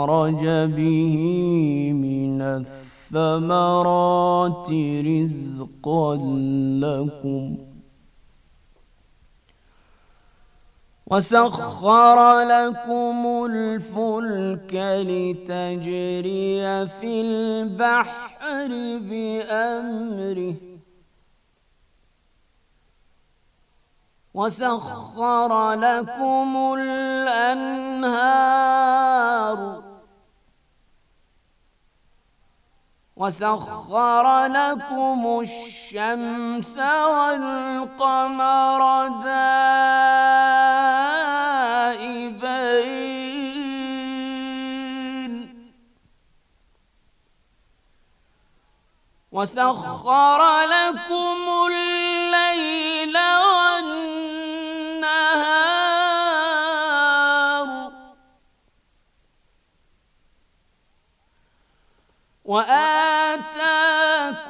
أخرج به من الثمرات رزقا لكم وسخر لكم الفلك لتجري في البحر بأمره وسخر لكم الأنهار وسخر لكم الشمس والقمر دائبين وسخر لكم الليل وآتاكم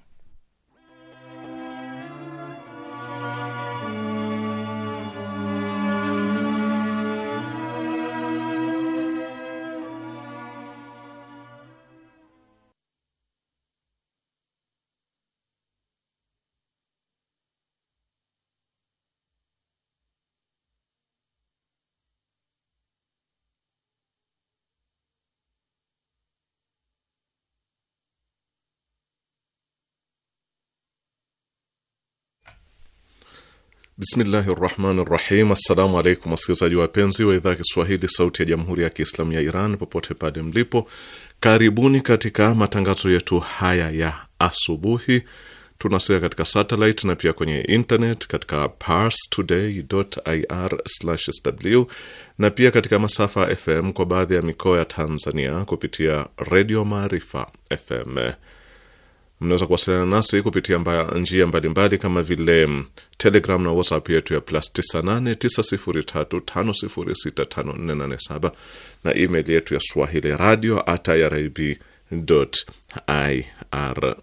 Bismillahi rahmani rahim. Assalamu alaikum wasikilizaji wapenzi wa idhaa ya Kiswahili sauti ya jamhuri ya Kiislamu ya Iran popote pale mlipo, karibuni katika matangazo yetu haya ya asubuhi. Tunasikia katika satelit na pia kwenye internet katika parstoday.ir/sw na pia katika masafa FM kwa baadhi ya mikoa ya Tanzania kupitia Redio Maarifa FM. Mnaweza kuwasiliana nasi kupitia mba, njia mbalimbali kama vile mm, Telegram na WhatsApp yetu ya plus 989035065487 na email yetu ya swahili radio at irib.ir.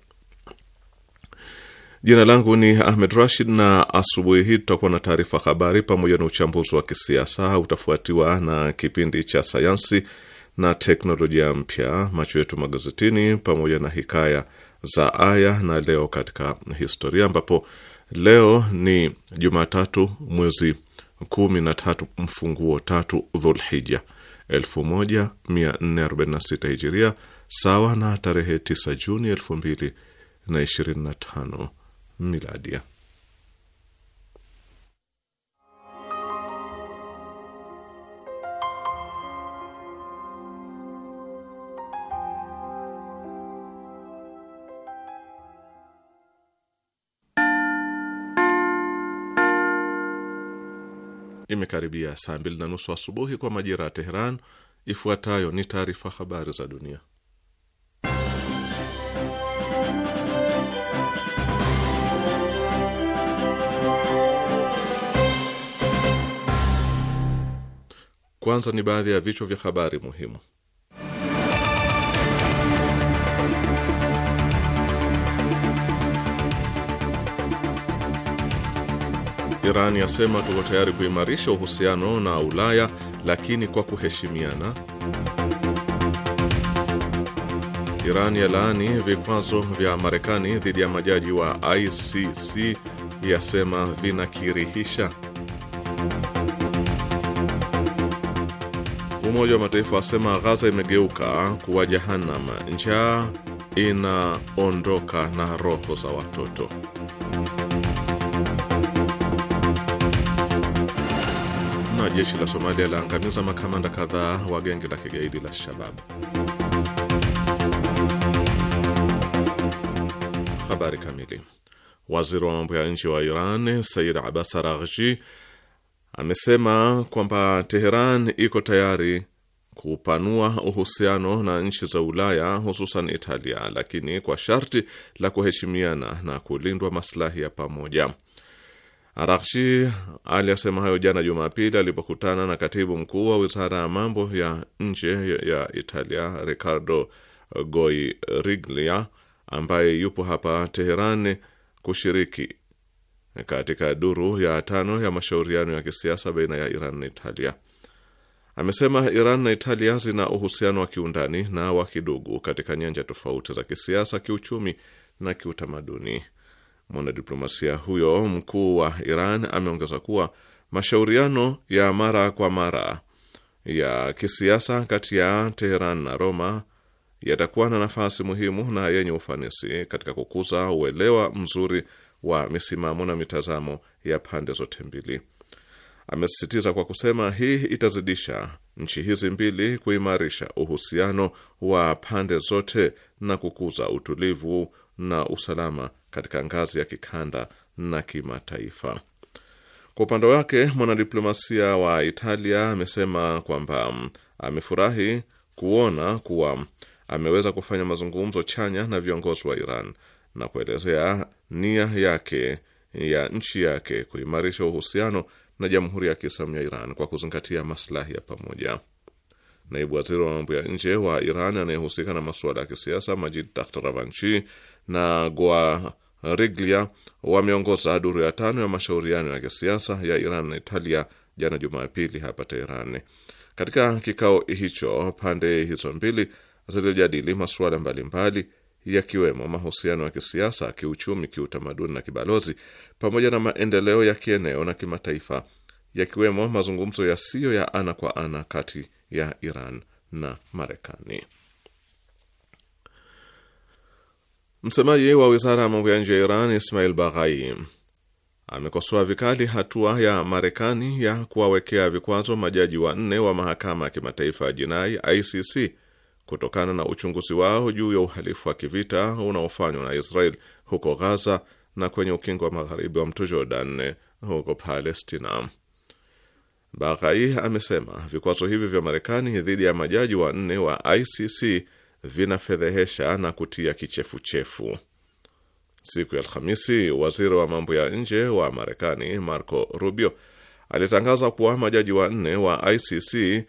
Jina langu ni Ahmed Rashid, na asubuhi hii tutakuwa na taarifa habari pamoja na uchambuzi wa kisiasa. Utafuatiwa na kipindi cha sayansi na teknolojia mpya, macho yetu magazetini, pamoja na hikaya za aya na leo katika historia, ambapo leo ni Jumatatu mwezi kumi na tatu mfunguo tatu Dhulhija 1446 hijiria sawa na tarehe 9 Juni 2025 miladia. Imekaribia saa mbili na nusu asubuhi kwa majira ya Teheran. Ifuatayo ni taarifa habari za dunia. Kwanza ni baadhi ya vichwa vya habari muhimu. Iran yasema tuko tayari kuimarisha uhusiano na Ulaya lakini kwa kuheshimiana. Iran yalaani vikwazo vya Marekani dhidi ya majaji wa ICC yasema vinakirihisha. Umoja wa Mataifa wasema Ghaza imegeuka kuwa jahannam njaa inaondoka na roho za watoto. jeshi la Somalia laangamiza makamanda kadhaa wa genge la kigaidi la Shababu. Habari kamili. Waziri wa mambo ya nje wa Iran Said Abbas Araghchi amesema kwamba Teheran iko tayari kupanua uhusiano na nchi za Ulaya hususan Italia, lakini kwa sharti la kuheshimiana na kulindwa maslahi ya pamoja. Arakshi aliyasema hayo jana Jumapili alipokutana na katibu mkuu wa wizara ya mambo ya nje ya Italia Ricardo Goiriglia ambaye yupo hapa Teheran kushiriki katika duru ya tano ya mashauriano ya kisiasa baina ya Iran na Italia. Amesema Iran na Italia zina uhusiano wa kiundani na wa kidugu katika nyanja tofauti za kisiasa, kiuchumi na kiutamaduni. Mwanadiplomasia huyo mkuu wa Iran ameongeza kuwa mashauriano ya mara kwa mara ya kisiasa kati ya Teheran na Roma yatakuwa na nafasi muhimu na yenye ufanisi katika kukuza uelewa mzuri wa misimamo na mitazamo ya pande zote mbili. Amesisitiza kwa kusema hii itazidisha nchi hizi mbili kuimarisha uhusiano wa pande zote na kukuza utulivu na usalama katika ngazi ya kikanda na kimataifa. Kwa upande wake, mwanadiplomasia wa Italia amesema kwamba amefurahi kuona kuwa ameweza kufanya mazungumzo chanya na viongozi wa Iran na kuelezea nia yake ya nchi yake kuimarisha uhusiano na Jamhuri ya Kiislamu ya Iran kwa kuzingatia maslahi ya pamoja. Naibu waziri wa mambo ya nje wa Iran anayehusika na masuala ya kisiasa Majid Takhtravanchi na Guariglia wameongoza duru ya tano ya mashauriano ya kisiasa ya Iran na Italia jana Jumapili hapa Teheran. Katika kikao hicho, pande hizo mbili zilijadili masuala mbalimbali yakiwemo mahusiano ya kisiasa, kiuchumi, kiutamaduni na kibalozi, pamoja na maendeleo ya kieneo na kimataifa, yakiwemo mazungumzo yasiyo ya ana kwa ana kati ya Iran na Marekani. Msemaji wa wizara ya mambo ya nje ya Iran Ismail Baghai amekosoa vikali hatua ya Marekani ya kuwawekea vikwazo majaji wanne wa mahakama ya kimataifa ya jinai ICC kutokana na uchunguzi wao juu ya uhalifu wa kivita unaofanywa na Israel huko Gaza na kwenye ukingo wa magharibi wa mto Jordan huko Palestina. Baghai amesema vikwazo hivi vya Marekani dhidi ya majaji wanne wa ICC vinafedhehesha na kutia kichefuchefu. Siku ya Alhamisi, waziri wa mambo ya nje wa Marekani Marco Rubio alitangaza kuwa majaji wanne wa ICC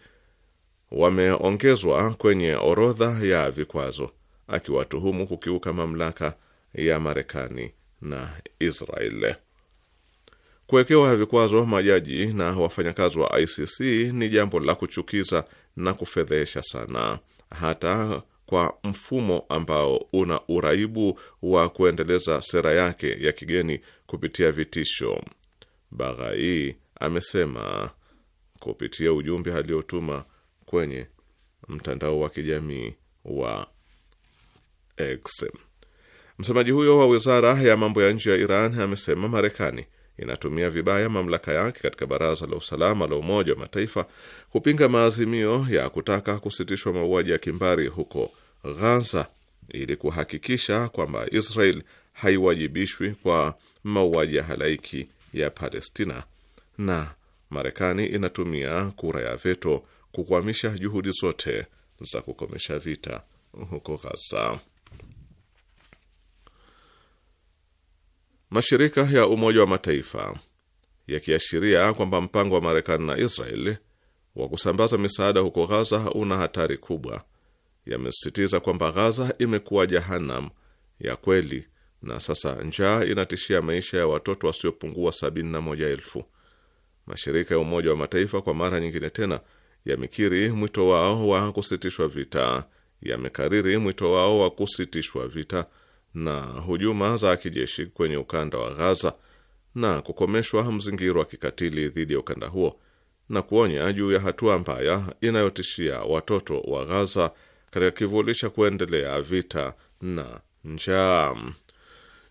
wameongezwa kwenye orodha ya vikwazo, akiwatuhumu kukiuka mamlaka ya Marekani na israel Kuwekewa vikwazo majaji na wafanyakazi wa ICC ni jambo la kuchukiza na kufedhesha sana, hata kwa mfumo ambao una uraibu wa kuendeleza sera yake ya kigeni kupitia vitisho. Baghai amesema kupitia ujumbe aliotuma kwenye mtandao wa kijamii wa X. Msemaji huyo wa wizara ya mambo ya nje ya Iran amesema Marekani inatumia vibaya mamlaka yake katika Baraza la Usalama la Umoja wa Mataifa kupinga maazimio ya kutaka kusitishwa mauaji ya kimbari huko ghaza ili kuhakikisha kwamba Israel haiwajibishwi kwa mauaji ya halaiki ya Palestina, na Marekani inatumia kura ya veto kukwamisha juhudi zote za kukomesha vita huko ghaza Mashirika ya Umoja wa Mataifa yakiashiria kwamba mpango wa Marekani na Israeli wa kusambaza misaada huko Ghaza una hatari kubwa, yamesisitiza kwamba Ghaza imekuwa jahanam ya kweli na sasa njaa inatishia maisha ya watoto wasiopungua sabini na moja elfu. Mashirika ya Umoja wa Mataifa kwa mara nyingine tena yamekiri mwito wao wa kusitishwa vita, yamekariri mwito wao wa kusitishwa vita na hujuma za kijeshi kwenye ukanda wa Ghaza na kukomeshwa mzingiro wa kikatili dhidi ya ukanda huo na kuonya juu ya hatua mbaya inayotishia watoto wa Ghaza katika kivuli cha kuendelea vita na njaa.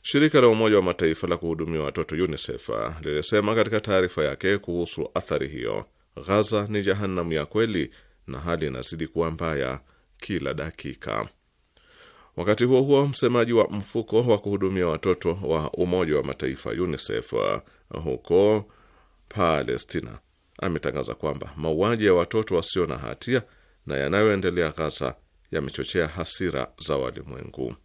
Shirika la Umoja wa Mataifa la kuhudumia watoto UNICEF lilisema katika taarifa yake kuhusu athari hiyo, Ghaza ni jehanamu ya kweli na hali inazidi kuwa mbaya kila dakika. Wakati huo huo, msemaji wa mfuko wa kuhudumia watoto wa Umoja wa Mataifa UNICEF huko Palestina ametangaza kwamba mauaji ya watoto wasio na hatia na yanayoendelea Gaza yamechochea hasira za walimwengu.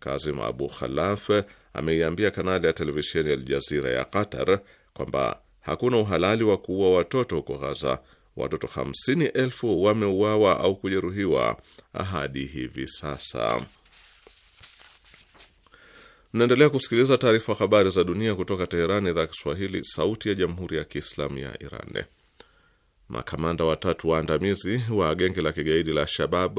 Kazim Abu Khalaf ameiambia kanali ya televisheni ya Aljazira ya Qatar kwamba hakuna uhalali wa kuua watoto huko Gaza watoto hamsini elfu wameuawa au kujeruhiwa hadi hivi sasa. Mnaendelea kusikiliza taarifa habari za dunia kutoka Teherani, idhaa Kiswahili, sauti ya jamhuri ya kiislamu ya Iran. Makamanda watatu waandamizi wa genge la kigaidi la Shabab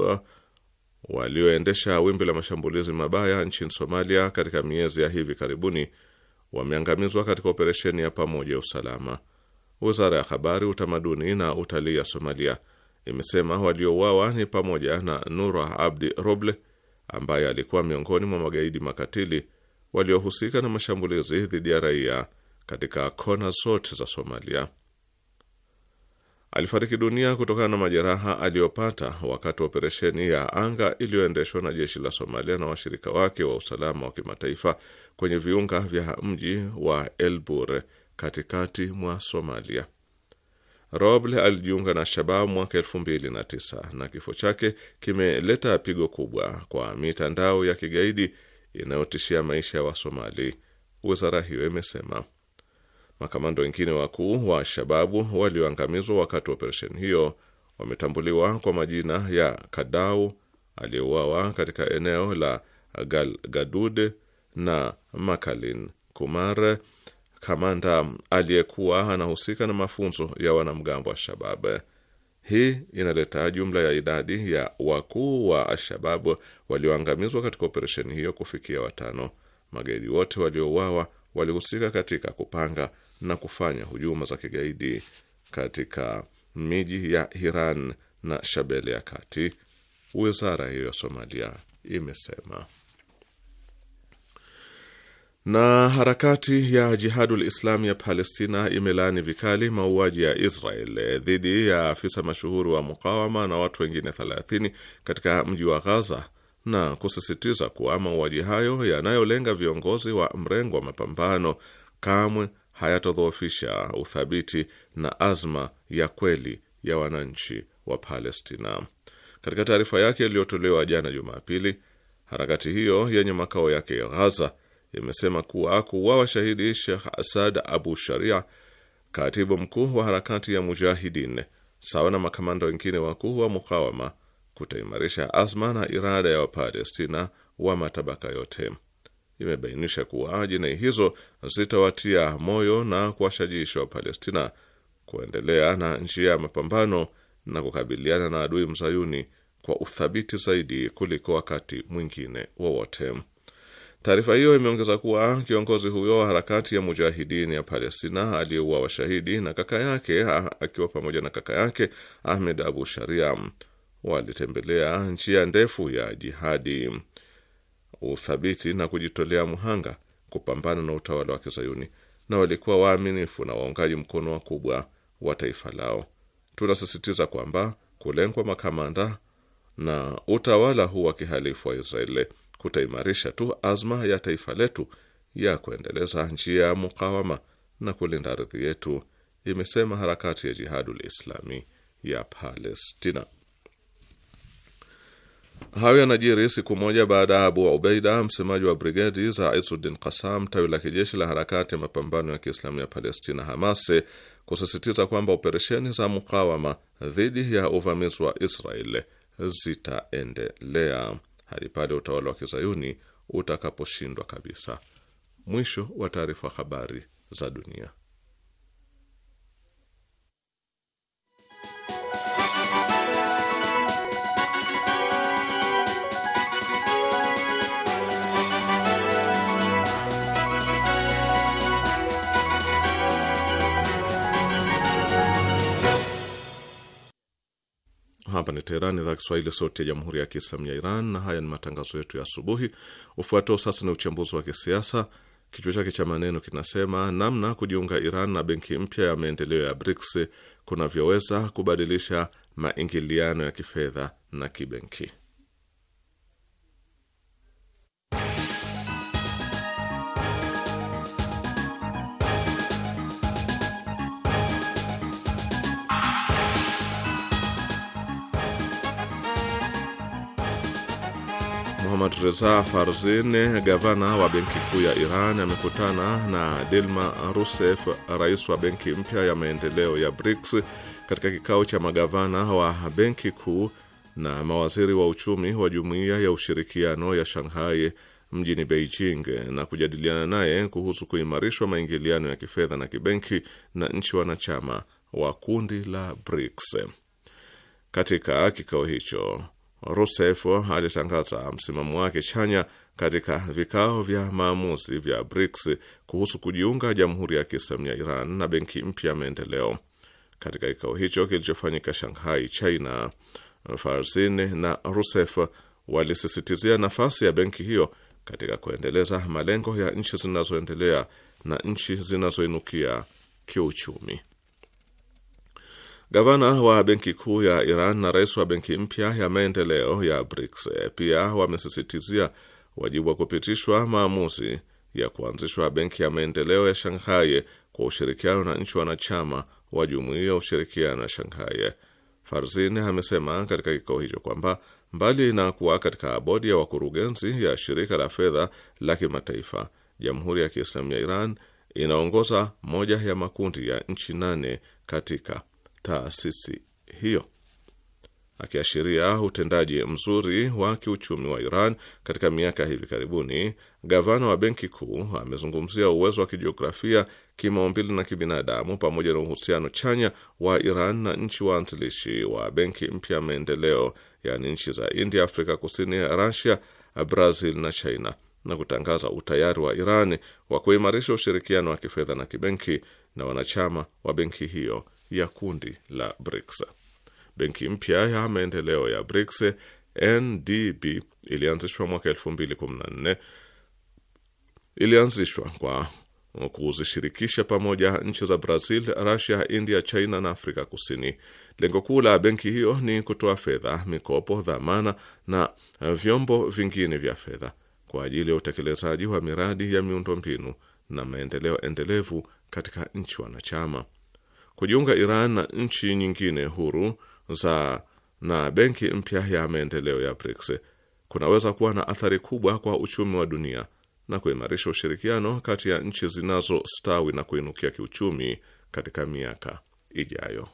walioendesha wimbi la mashambulizi mabaya nchini Somalia katika miezi ya hivi karibuni wameangamizwa katika operesheni ya pamoja ya usalama. Wizara ya Habari, Utamaduni na Utalii ya Somalia imesema waliouawa ni pamoja na Nura Abdi Roble ambaye alikuwa miongoni mwa magaidi makatili waliohusika na mashambulizi dhidi ya raia katika kona zote za Somalia. Alifariki dunia kutokana na majeraha aliyopata wakati wa operesheni ya anga iliyoendeshwa na jeshi la Somalia na washirika wake wa usalama wa kimataifa kwenye viunga vya mji wa Elbure katikati mwa Somalia. Roble alijiunga na Shababu mwaka elfu mbili na tisa na kifo chake kimeleta pigo kubwa kwa mitandao ya kigaidi inayotishia maisha ya Wasomali, wizara hiyo imesema. Makamando wengine wakuu wa Shababu walioangamizwa wakati wa operesheni hiyo wametambuliwa kwa majina ya Kadau aliyeuawa katika eneo la Galgadud na Makalin Kumar kamanda aliyekuwa anahusika na mafunzo ya wanamgambo wa Shabab. Hii inaleta jumla ya idadi ya wakuu wa alshabab walioangamizwa katika operesheni hiyo kufikia watano. Magaidi wote waliouawa walihusika katika kupanga na kufanya hujuma za kigaidi katika miji ya Hiran na Shabele ya kati, wizara hiyo ya Somalia imesema. Na harakati ya Jihadul Islam ya Palestina imelaani vikali mauaji ya Israel dhidi ya afisa mashuhuri wa mukawama na watu wengine 30 katika mji wa Ghaza na kusisitiza kuwa mauaji hayo yanayolenga viongozi wa mrengo wa mapambano kamwe hayatodhoofisha uthabiti na azma ya kweli ya wananchi wa Palestina. Katika taarifa yake iliyotolewa jana Jumapili, harakati hiyo yenye makao yake ya Ghaza imesema kuwa kuuawa shahidi Shekh Asad Abu Sharia, katibu mkuu wa harakati ya Mujahidin, sawa na makamanda wengine wakuu wa mukawama kutaimarisha azma na irada ya Wapalestina wa matabaka yote. Imebainisha kuwa jinai hizo zitawatia moyo na kuwashajiisha Wapalestina kuendelea na njia ya mapambano na kukabiliana na adui mzayuni kwa uthabiti zaidi kuliko wakati mwingine wowote. Taarifa hiyo imeongeza kuwa kiongozi huyo wa harakati ya mujahidini ya Palestina aliyeuwa washahidi na kaka yake akiwa pamoja na kaka yake Ahmed Abu Sharia walitembelea njia ndefu ya jihadi, uthabiti na kujitolea mhanga kupambana na utawala wa Kizayuni, na walikuwa waaminifu na waungaji mkono wakubwa wa taifa lao. Tunasisitiza kwamba kulengwa makamanda na utawala huu wa kihalifu wa Israeli kutaimarisha tu azma ya taifa letu ya kuendeleza njia ya mukawama na kulinda ardhi yetu, imesema harakati ya Jihadul Islami ya Palestina. Hayo yanajiri siku moja baada ya Abu Ubaida, msemaji wa brigedi za isudin Kasam, tawi la kijeshi la harakati ya mapambano ya Kiislamu ya Palestina, Hamas, kusisitiza kwamba operesheni za mukawama dhidi ya uvamizi wa Israel zitaendelea hadi pale utawala wa kizayuni utakaposhindwa kabisa. Mwisho wa taarifa. Habari za dunia. Hapa ni Teherani, idhaa Kiswahili, sauti ya jamhuri ya kiislamu ya Iran, na haya ni matangazo yetu ya asubuhi. Ufuatao sasa ni uchambuzi wa kisiasa, kichwa chake cha maneno kinasema namna kujiunga Iran na benki mpya ya maendeleo ya BRICS kunavyoweza kubadilisha maingiliano ya kifedha na kibenki. Muhammad Reza Farzin, gavana wa benki kuu ya Iran, amekutana na Dilma Rousseff, rais wa benki mpya ya maendeleo ya BRICS, katika kikao cha magavana wa benki kuu na mawaziri wa uchumi wa jumuiya ya ushirikiano ya Shanghai mjini Beijing na kujadiliana naye kuhusu kuimarishwa maingiliano ya kifedha na kibenki na nchi wanachama wa kundi la BRICS. Katika kikao hicho Rousseff alitangaza msimamo wake chanya katika vikao vya maamuzi vya BRICS kuhusu kujiunga Jamhuri ya Kiislamu ya Iran na benki mpya ya maendeleo. Katika kikao hicho kilichofanyika Shanghai, China, Farzin na Rousseff walisisitizia nafasi ya benki hiyo katika kuendeleza malengo ya nchi zinazoendelea na nchi zinazoinukia kiuchumi. Gavana wa benki kuu ya Iran na rais wa benki mpya ya maendeleo ya BRICS eh, pia wamesisitizia wajibu wa kupitishwa maamuzi ya kuanzishwa benki ya maendeleo ya Shanghai kwa ushirikiano na nchi wanachama wa jumuiya ya ushirikiano na Shanghai. Farzin amesema katika kikao hicho kwamba mbali na kuwa katika bodi ya wakurugenzi ya shirika la fedha la kimataifa, Jamhuri ya Kiislamu ya Iran inaongoza moja ya makundi ya nchi nane katika taasisi hiyo, akiashiria utendaji mzuri wa kiuchumi wa Iran katika miaka hivi karibuni. Gavana wa benki kuu amezungumzia uwezo wa kijiografia, kimaumbili na kibinadamu pamoja na uhusiano chanya wa Iran na nchi waanzilishi wa benki mpya ya maendeleo, yaani nchi za India, Afrika Kusini, Russia, Brazil na China na kutangaza utayari wa Iran wa kuimarisha ushirikiano wa kifedha na kibenki na wanachama wa benki hiyo ya kundi la BRICS. Benki mpya ya maendeleo ya BRICS NDB ilianzishwa mwaka 2014. Ilianzishwa kwa kuzishirikisha pamoja nchi za Brazil, Russia, India, China na Afrika Kusini. Lengo kuu la benki hiyo ni kutoa fedha, mikopo, dhamana na vyombo vingine vya fedha kwa ajili ya utekelezaji wa miradi ya miundombinu na maendeleo endelevu katika nchi wanachama kujiunga Iran na nchi nyingine huru za na benki mpya ya maendeleo ya BRICS kunaweza kuwa na athari kubwa kwa uchumi wa dunia na kuimarisha ushirikiano kati ya nchi zinazostawi na kuinukia kiuchumi katika miaka ijayo.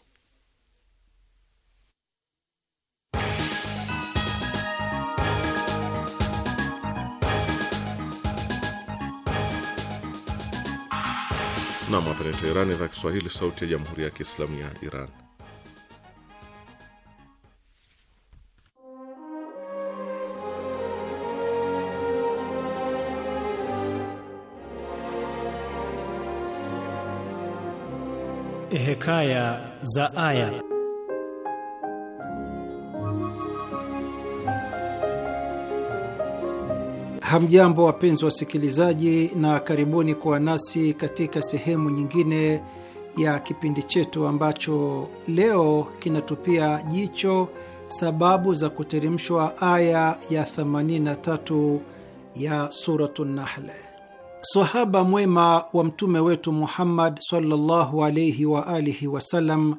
Nam hapa Teherani, idhaa Kiswahili, sauti ya jamhuri ya kiislamu ya Iran. Hekaya za Aya. Hamjambo, wapenzi wasikilizaji, na karibuni kuwa nasi katika sehemu nyingine ya kipindi chetu ambacho leo kinatupia jicho sababu za kuteremshwa aya ya 83 ya Suratu Nahl. Sahaba mwema wa mtume wetu Muhammad sallallahu alayhi wa alihi wasallam,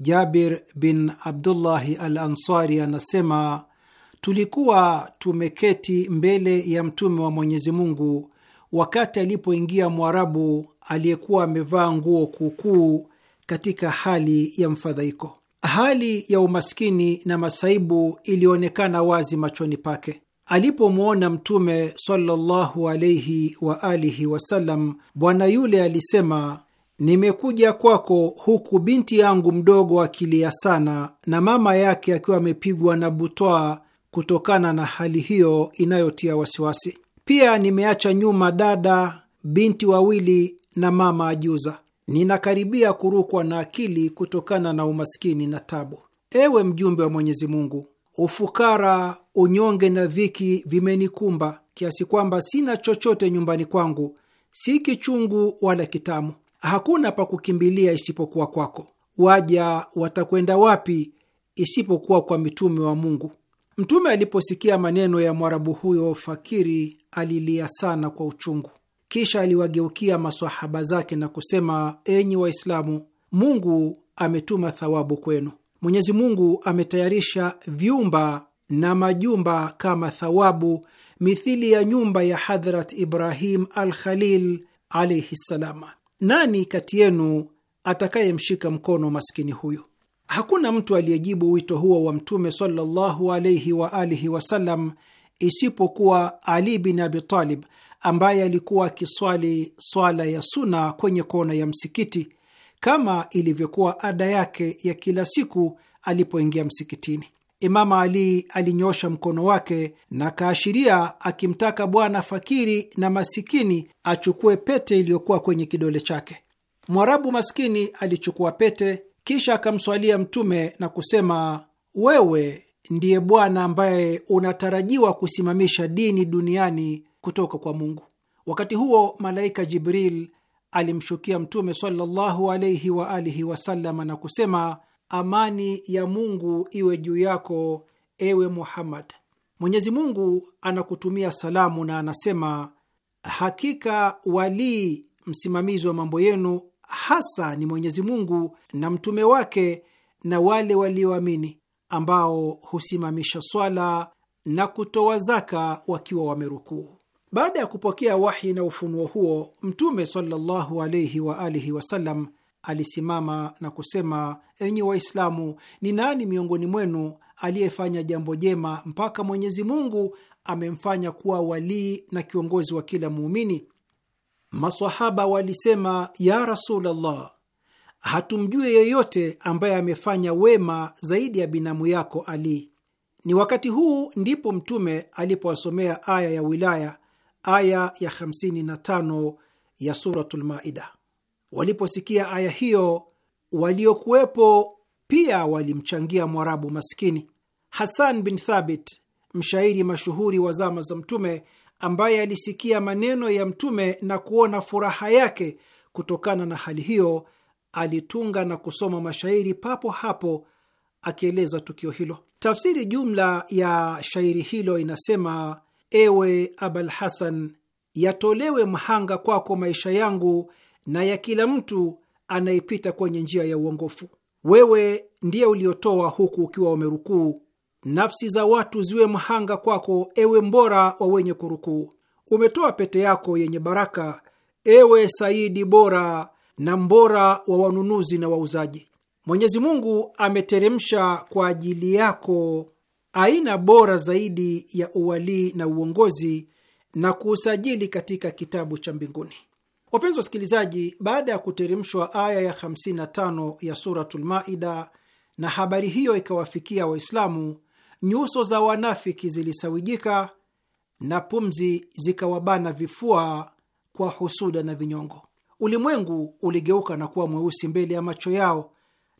Jabir bin Abdullahi al Ansari anasema tulikuwa tumeketi mbele ya mtume wa Mwenyezi Mungu wakati alipoingia Mwarabu aliyekuwa amevaa nguo kuukuu katika hali ya mfadhaiko. Hali ya umaskini na masaibu ilionekana wazi machoni pake. Alipomwona Mtume sallallahu alaihi wa alihi wasallam, bwana yule alisema, nimekuja kwako huku binti yangu mdogo akilia sana na mama yake akiwa amepigwa na butwaa kutokana na hali hiyo inayotia wasiwasi. Pia nimeacha nyuma dada, binti wawili na mama ajuza. Ninakaribia kurukwa na akili kutokana na umaskini na tabu. Ewe mjumbe wa Mwenyezi Mungu, ufukara, unyonge na dhiki vimenikumba kiasi kwamba sina chochote nyumbani kwangu, si kichungu wala kitamu. Hakuna pa kukimbilia isipokuwa kwako. Waja watakwenda wapi isipokuwa kwa mitume wa Mungu? Mtume aliposikia maneno ya Mwarabu huyo fakiri, alilia sana kwa uchungu. Kisha aliwageukia masahaba zake na kusema, enyi Waislamu, Mungu ametuma thawabu kwenu. Mwenyezi Mungu ametayarisha vyumba na majumba kama thawabu, mithili ya nyumba ya Hadhrat Ibrahim al Khalil alaihi ssalama. Nani kati yenu atakayemshika mkono maskini huyo Hakuna mtu aliyejibu wito huo wa Mtume sallallahu alaihi wa alihi wasallam isipokuwa Ali bin Abi Talib ambaye alikuwa akiswali swala ya suna kwenye kona ya msikiti kama ilivyokuwa ada yake ya kila siku alipoingia msikitini. Imamu Ali alinyosha mkono wake na kaashiria akimtaka bwana fakiri na masikini achukue pete iliyokuwa kwenye kidole chake. Mwarabu maskini alichukua pete kisha akamswalia Mtume na kusema, wewe ndiye Bwana ambaye unatarajiwa kusimamisha dini duniani kutoka kwa Mungu. Wakati huo malaika Jibril alimshukia Mtume sallallahu alaihi wa alihi wasallam na kusema, amani ya Mungu iwe juu yako, ewe Muhammad. Mwenyezi Mungu anakutumia salamu na anasema, hakika walii msimamizi wa mambo yenu hasa ni Mwenyezi Mungu na mtume wake na wale walioamini ambao husimamisha swala na kutoa zaka wakiwa wamerukuu. Baada ya kupokea wahi na ufunuo huo, Mtume sallallahu alaihi wa alihi wasallam alisimama na kusema: enyi Waislamu, ni nani miongoni mwenu aliyefanya jambo jema mpaka Mwenyezi Mungu amemfanya kuwa walii na kiongozi wa kila muumini Masahaba walisema ya Rasulallah, hatumjue yeyote ambaye amefanya wema zaidi ya binamu yako Ali. Ni wakati huu ndipo Mtume alipowasomea aya ya wilaya, aya ya 55 ya Suratul Maida. Waliposikia aya hiyo, waliokuwepo pia walimchangia Mwarabu maskini Hasan bin Thabit, mshairi mashuhuri wa zama za Mtume ambaye alisikia maneno ya Mtume na kuona furaha yake kutokana na hali hiyo, alitunga na kusoma mashairi papo hapo akieleza tukio hilo. Tafsiri jumla ya shairi hilo inasema: ewe Abul Hasan, yatolewe mhanga kwako maisha yangu na ya kila mtu anayepita kwenye njia ya uongofu. Wewe ndiye uliotoa huku ukiwa umerukuu nafsi za watu ziwe mhanga kwako, ewe mbora wa wenye kurukuu. Umetoa pete yako yenye baraka, ewe Saidi bora na mbora wa wanunuzi na wauzaji. Mwenyezi Mungu ameteremsha kwa ajili yako aina bora zaidi ya uwalii na uongozi na kuusajili katika kitabu cha mbinguni. Wapenzi wasikilizaji, baada ya kuteremshwa aya ya 55 ya Suratul Maida na habari hiyo ikawafikia Waislamu, nyuso za wanafiki zilisawijika na pumzi zikawabana vifua kwa husuda na vinyongo. Ulimwengu uligeuka na kuwa mweusi mbele ya macho yao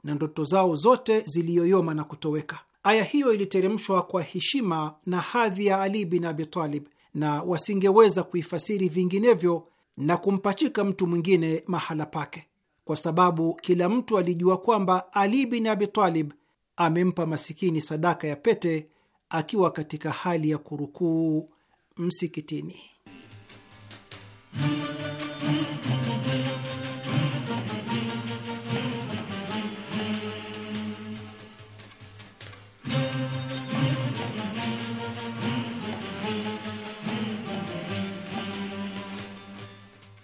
na ndoto zao zote ziliyoyoma na kutoweka. Aya hiyo iliteremshwa kwa heshima na hadhi ya Ali bin Abi Talib, na wasingeweza kuifasiri vinginevyo na kumpachika mtu mwingine mahala pake, kwa sababu kila mtu alijua kwamba Ali bin Abi Talib amempa masikini sadaka ya pete akiwa katika hali ya kurukuu msikitini.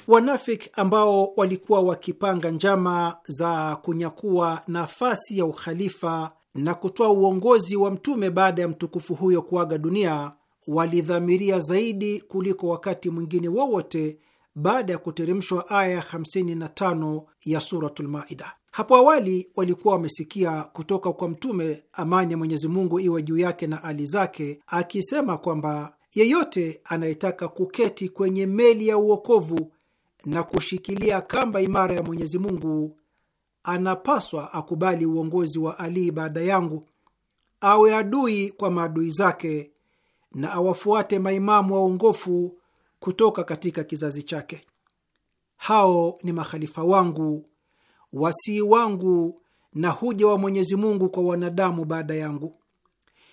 Wanafik ambao walikuwa wakipanga njama za kunyakua nafasi ya ukhalifa na kutoa uongozi wa mtume baada ya mtukufu huyo kuaga dunia walidhamiria zaidi kuliko wakati mwingine wowote baada ya kuteremshwa aya 55 ya Suratul Maida. Hapo awali walikuwa wamesikia kutoka kwa mtume, amani ya Mwenyezi Mungu iwe juu yake na ali zake, akisema kwamba yeyote anayetaka kuketi kwenye meli ya uokovu na kushikilia kamba imara ya Mwenyezi Mungu anapaswa akubali uongozi wa Ali baada yangu, awe adui kwa maadui zake na awafuate maimamu waongofu kutoka katika kizazi chake. Hao ni makhalifa wangu, wasii wangu na huja wa Mwenyezi Mungu kwa wanadamu baada yangu.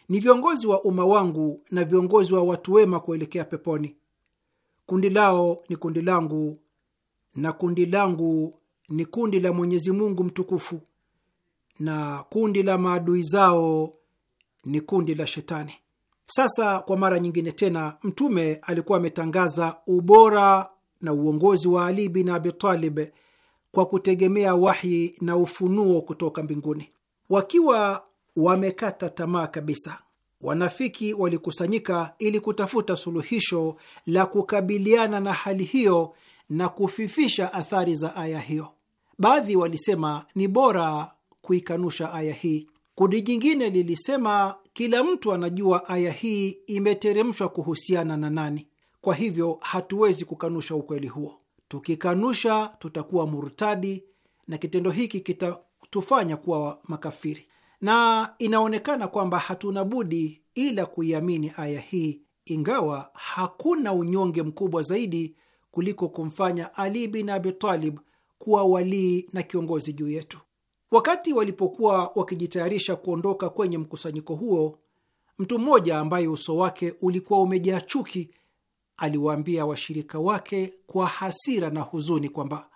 Ni viongozi wa umma wangu na viongozi wa watu wema kuelekea peponi. Kundi lao ni kundi langu na kundi langu ni kundi la Mwenyezi Mungu mtukufu na kundi la maadui zao ni kundi la Shetani. Sasa kwa mara nyingine tena, Mtume alikuwa ametangaza ubora na uongozi wa Ali bin Abi Talib kwa kutegemea wahi na ufunuo kutoka mbinguni. Wakiwa wamekata tamaa kabisa, wanafiki walikusanyika ili kutafuta suluhisho la kukabiliana na hali hiyo na kufifisha athari za aya hiyo. Baadhi walisema ni bora kuikanusha aya hii. Kundi jingine lilisema kila mtu anajua aya hii imeteremshwa kuhusiana na nani, kwa hivyo hatuwezi kukanusha ukweli huo. Tukikanusha tutakuwa murtadi na kitendo hiki kitatufanya kuwa makafiri, na inaonekana kwamba hatuna budi ila kuiamini aya hii, ingawa hakuna unyonge mkubwa zaidi kuliko kumfanya Ali bin Abi Talib kuwa walii na kiongozi juu yetu. Wakati walipokuwa wakijitayarisha kuondoka kwenye mkusanyiko huo, mtu mmoja ambaye uso wake ulikuwa umejaa chuki aliwaambia washirika wake kwa hasira na huzuni kwamba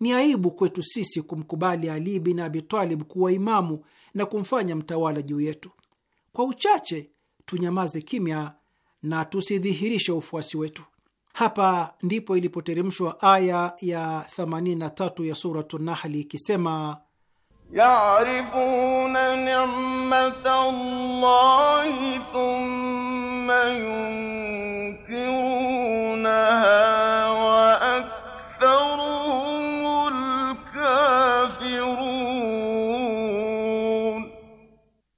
ni aibu kwetu sisi kumkubali Ali bin Abi Talib kuwa imamu na kumfanya mtawala juu yetu. Kwa uchache tunyamaze kimya na tusidhihirishe ufuasi wetu. Hapa ndipo ilipoteremshwa aya ya 83 ya Suratu Nahli ikisema yarifuna nimata llahi thumma yunkirunaha wa aktharuhum lkafirun,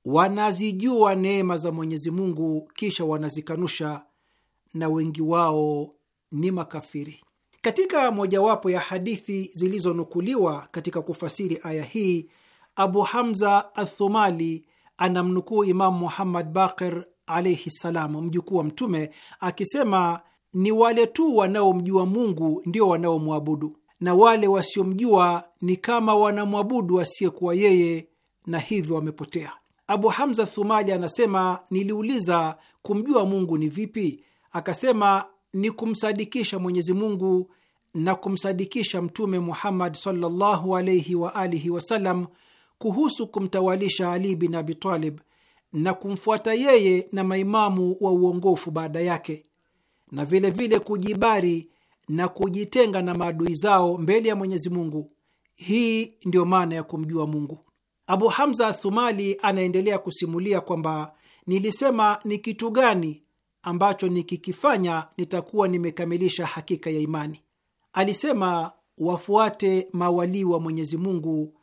wanazijua neema za Mwenyezi Mungu kisha wanazikanusha na wengi wao ni makafiri. Katika mojawapo ya hadithi zilizonukuliwa katika kufasiri aya hii, Abu Hamza Athumali anamnukuu Imamu Muhammad Baqir alaihi ssalam, mjukuu wa Mtume, akisema ni wale tu wanaomjua Mungu ndio wanaomwabudu na wale wasiomjua ni kama wanamwabudu asiyekuwa yeye, na hivyo wamepotea. Abu Hamza Thumali anasema niliuliza, kumjua Mungu ni vipi? Akasema ni kumsadikisha Mwenyezi Mungu na kumsadikisha Mtume Muhammad sallallahu alaihi wa alihi wasallam kuhusu kumtawalisha Ali bin Abi Talib na kumfuata yeye na maimamu wa uongofu baada yake, na vilevile vile kujibari na kujitenga na maadui zao mbele ya Mwenyezi Mungu. Hii ndiyo maana ya kumjua Mungu. Abu Hamza Thumali anaendelea kusimulia kwamba nilisema, ni kitu gani ambacho nikikifanya nitakuwa nimekamilisha hakika ya imani. Alisema wafuate mawalii wa Mwenyezi Mungu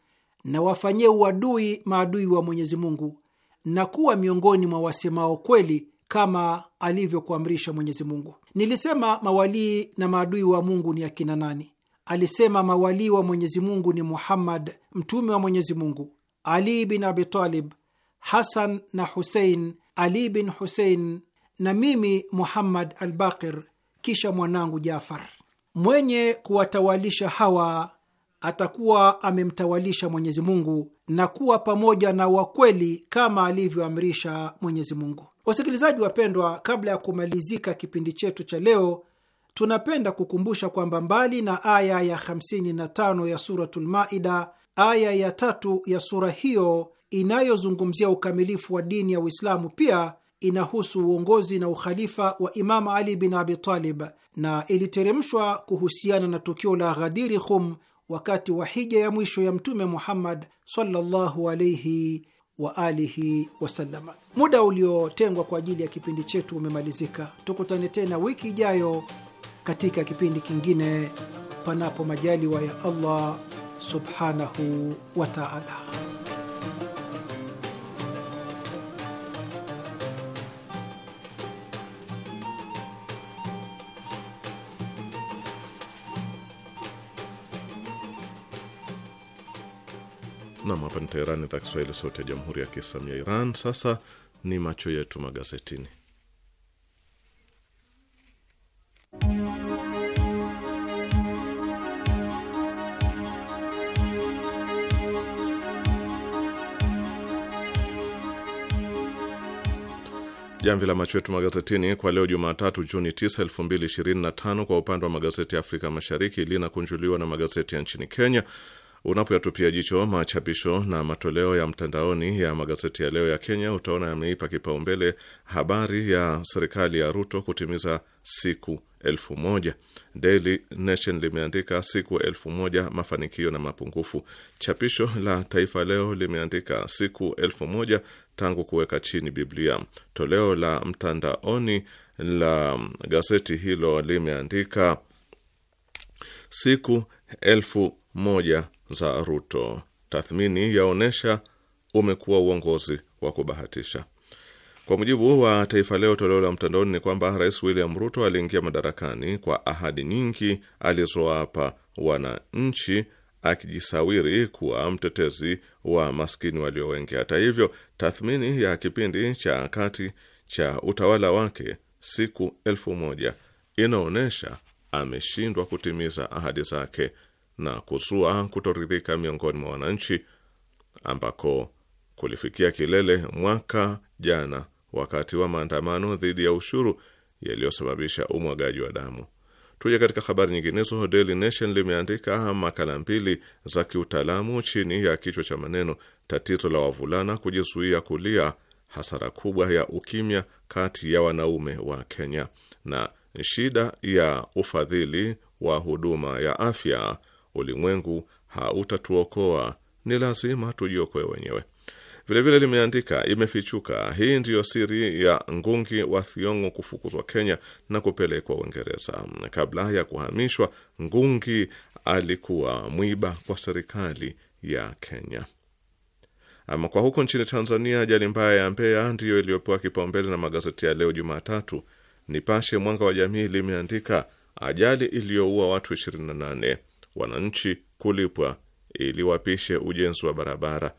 na wafanyie uadui maadui wa Mwenyezi Mungu na kuwa miongoni mwa wasemao kweli kama alivyokuamrisha Mwenyezi Mungu. Nilisema mawalii na maadui wa Mungu ni akina nani? Alisema mawalii wa Mwenyezi Mungu ni Muhammad mtume wa Mwenyezi Mungu, Ali bin Abi Talib, Hasan na Husein, Ali bin Husein na mimi Muhammad Albakir, kisha mwanangu Jafar. Mwenye kuwatawalisha hawa atakuwa amemtawalisha Mwenyezi Mungu na kuwa pamoja na wakweli kama alivyoamrisha Mwenyezi Mungu. Wasikilizaji wapendwa, kabla ya kumalizika kipindi chetu cha leo, tunapenda kukumbusha kwamba mbali na aya ya 55 ya Suratul Maida, aya ya tatu ya sura hiyo inayozungumzia ukamilifu wa dini ya Uislamu pia inahusu uongozi na ukhalifa wa Imam Ali bin Abi Talib na iliteremshwa kuhusiana na tukio la Ghadiri Khum wakati wa hija ya mwisho ya Mtume Muhammad sallallahu wa alihi Muda uliotengwa kwa ajili ya kipindi chetu umemalizika. Tukutane tena wiki ijayo katika kipindi kingine, panapo majaliwa ya Allah subhanahu wataala Nam, hapa ni Teherani, idhaa Kiswahili, sauti ya jamhuri ya kiislamu ya Iran. Sasa ni macho yetu magazetini. Jamvi la macho yetu magazetini kwa leo Jumatatu, Juni 9, 2025 kwa upande wa magazeti ya Afrika Mashariki linakunjuliwa na magazeti ya nchini Kenya Unapoyatupia jicho machapisho na matoleo ya mtandaoni ya magazeti ya leo ya Kenya, utaona yameipa kipaumbele habari ya serikali ya Ruto kutimiza siku elfu moja. Daily Nation limeandika siku elfu moja mafanikio na mapungufu. Chapisho la Taifa Leo limeandika siku elfu moja tangu kuweka chini Biblia. Toleo la mtandaoni la gazeti hilo limeandika siku elfu moja za Ruto. Tathmini yaonyesha umekuwa uongozi wa kubahatisha. Kwa mujibu wa Taifa Leo toleo la mtandaoni, ni kwamba Rais William Ruto aliingia madarakani kwa ahadi nyingi alizoapa wananchi akijisawiri kuwa mtetezi wa maskini walio wengi. Hata hivyo, tathmini ya kipindi cha kati cha utawala wake siku elfu moja inaonyesha ameshindwa kutimiza ahadi zake na kuzua kutoridhika miongoni mwa wananchi ambako kulifikia kilele mwaka jana wakati wa maandamano dhidi ya ushuru yaliyosababisha umwagaji wa damu. Tuje katika habari nyinginezo, Daily Nation limeandika makala mbili za kiutaalamu chini ya kichwa cha maneno tatizo la wavulana kujizuia kulia, hasara kubwa ya ukimya kati ya wanaume wa Kenya na shida ya ufadhili wa huduma ya afya ulimwengu hautatuokoa, ni lazima tujiokoe wenyewe. Vilevile limeandika imefichuka, hii ndiyo siri ya Ngungi wa Thiong'o kufukuzwa Kenya na kupelekwa Uingereza. Kabla ya kuhamishwa, Ngungi alikuwa mwiba kwa serikali ya Kenya. Ama kwa huko nchini Tanzania, ajali mbaya ya Mbeya ndiyo iliyopewa kipaumbele na magazeti ya leo Jumatatu. Nipashe, Mwanga wa Jamii limeandika ajali iliyoua watu 28 wananchi kulipwa ili wapishe ujenzi wa barabara.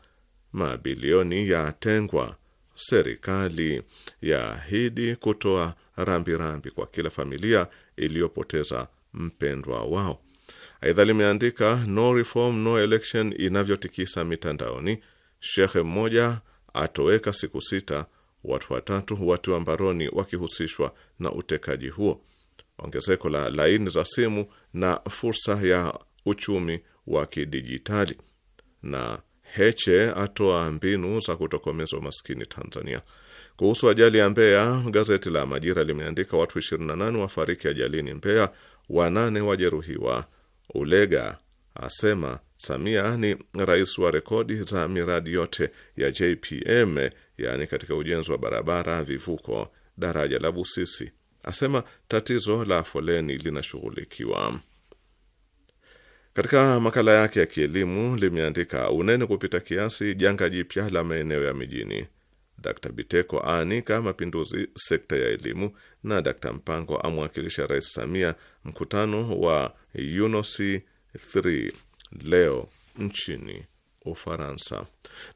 Mabilioni yatengwa. Serikali yaahidi kutoa rambirambi kwa kila familia iliyopoteza mpendwa wao. Aidha limeandika no reform no election inavyotikisa mitandaoni. Shekhe mmoja atoweka siku sita, watu watatu watiwa mbaroni wakihusishwa na utekaji huo ongezeko la laini za simu na fursa ya uchumi wa kidijitali. Na Heche atoa mbinu za kutokomeza umaskini Tanzania. Kuhusu ajali ya Mbeya, gazeti la Majira limeandika watu 28 wafariki ajalini Mbeya, wanane wajeruhiwa. Ulega asema Samia ni rais wa rekodi za miradi yote ya JPM, yaani katika ujenzi wa barabara, vivuko, daraja la Busisi asema tatizo la foleni linashughulikiwa. Katika makala yake ya kielimu limeandika unene kupita kiasi, janga jipya la maeneo ya mijini. Dkt Biteko aanika mapinduzi sekta ya elimu, na Dkt Mpango amwakilisha Rais Samia mkutano wa UNOC 3 leo nchini Ufaransa.